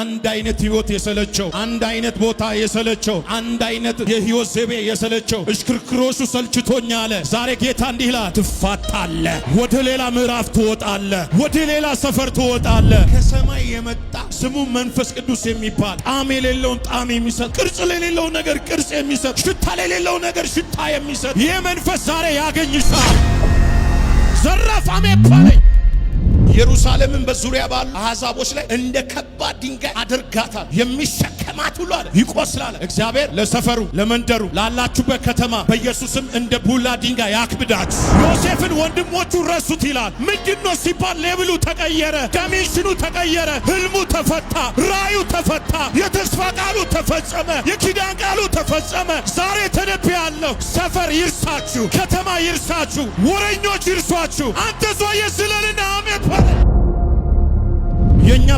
አንድ አይነት ህይወት የሰለቸው፣ አንድ አይነት ቦታ የሰለቸው፣ አንድ አይነት የህይወት ዘይቤ የሰለቸው እሽክርክሮሱ ሰልችቶኛ አለ። ዛሬ ጌታ እንዲህ ይላል፣ ትፋታለ፣ ወደ ሌላ ምዕራፍ ትወጣለ፣ ወደ ሌላ ሰፈር ትወጣለ። ከሰማይ የመጣ ስሙ መንፈስ ቅዱስ የሚባል ጣዕም የሌለውን ጣም የሚሰጥ ቅርጽ ለሌለው ነገር ቅርጽ የሚሰጥ ሽታ ለሌለው ነገር ሽታ የሚሰጥ ይህ መንፈስ ዛሬ ያገኝሻል። ዘራፋሜ ባለኝ ኢየሩሳሌምን በዙሪያ ባሉ አሕዛቦች ላይ እንደ ከባድ ድንጋይ አድርጋታል። የሚሸከማት ሁሉ አለ ይቆስላል። እግዚአብሔር ለሰፈሩ ለመንደሩ ላላችሁበት ከተማ በኢየሱስም እንደ ቡላ ድንጋይ ያክብዳችሁ። ዮሴፍን ወንድሞቹ ረሱት ይላል። ምንድን ነው ሲባል ሌብሉ ተቀየረ፣ ዳሜንሽኑ ተቀየረ፣ ህልሙ ተፈታ፣ ራዩ ተፈታ፣ የተስፋ ቃሉ ተፈጸመ፣ የኪዳን ቃሉ ተፈጸመ። ዛሬ ያለው ሰፈር ይርሳችሁ፣ ከተማ ይርሳችሁ፣ ወረኞች ይርሷችሁ። አንተ ሷ የስለልን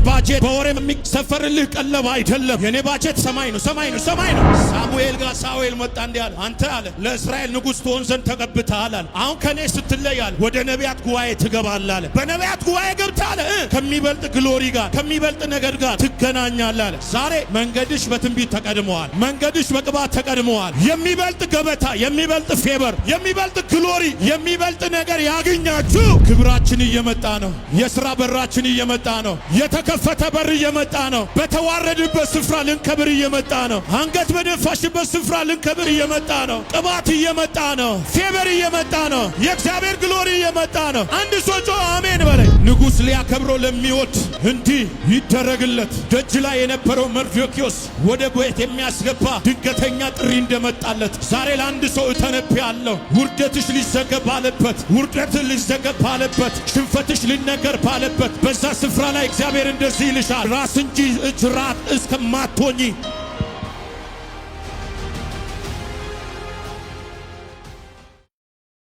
ባጀት በወሬ የሚሰፈርልህ ቀለብ አይደለም። የኔ ባጀት ሰማይ ነው፣ ሰማይ ነው፣ ሰማይ ነው። ሳሙኤል ጋር ሳሙኤል መጣ እንዲህ አለ፣ አንተ አለ ለእስራኤል ንጉሥ ትሆን ዘንድ ተቀብተሃል አለ። አሁን ከኔ ስትለይ አለ ወደ ነቢያት ጉባኤ ትገባለህ አለ። በነቢያት ጉባኤ ገብተህ አለ ከሚበልጥ ግሎሪ ጋር ከሚበልጥ ነገር ጋር ትገናኛለህ አለ። ዛሬ መንገድሽ በትንቢት ተቀድመዋል። መንገድሽ በቅባት ተቀድመዋል። የሚበልጥ ገበታ፣ የሚበልጥ ፌቨር የሚበልጥ ግሎሪ፣ የሚበልጥ ነገር ያገኛችሁ ክብራችን እየመጣ ነው። የስራ በራችን እየመጣ ነው። በተከፈተ በር እየመጣ ነው። በተዋረድበት ስፍራ ልንከብር እየመጣ ነው። አንገት በደፋሽበት ስፍራ ልንከብር እየመጣ ነው። ቅባት እየመጣ ነው። ፌቨር እየመጣ ነው። የእግዚአብሔር ግሎሪ እየመጣ ነው። አንድ ሰው ጮ አሜን በለ ንጉሥ ሊያከብሮ ለሚወድ እንዲህ ይደረግለት። ደጅ ላይ የነበረው መርዶክዮስ ወደ ቤት የሚያስገባ ድንገተኛ ጥሪ እንደመጣለት ዛሬ ለአንድ ሰው እተነብያለሁ። ውርደትሽ ሊዘገብ ባለበት፣ ውርደት ሊዘገብ ባለበት፣ ሽንፈትሽ ሊነገር ባለበት በዛ ስፍራ ላይ እግዚአብሔር እንደዚህ ይልሻል ራስ እንጂ እጅ ራት እስከማትሆኚ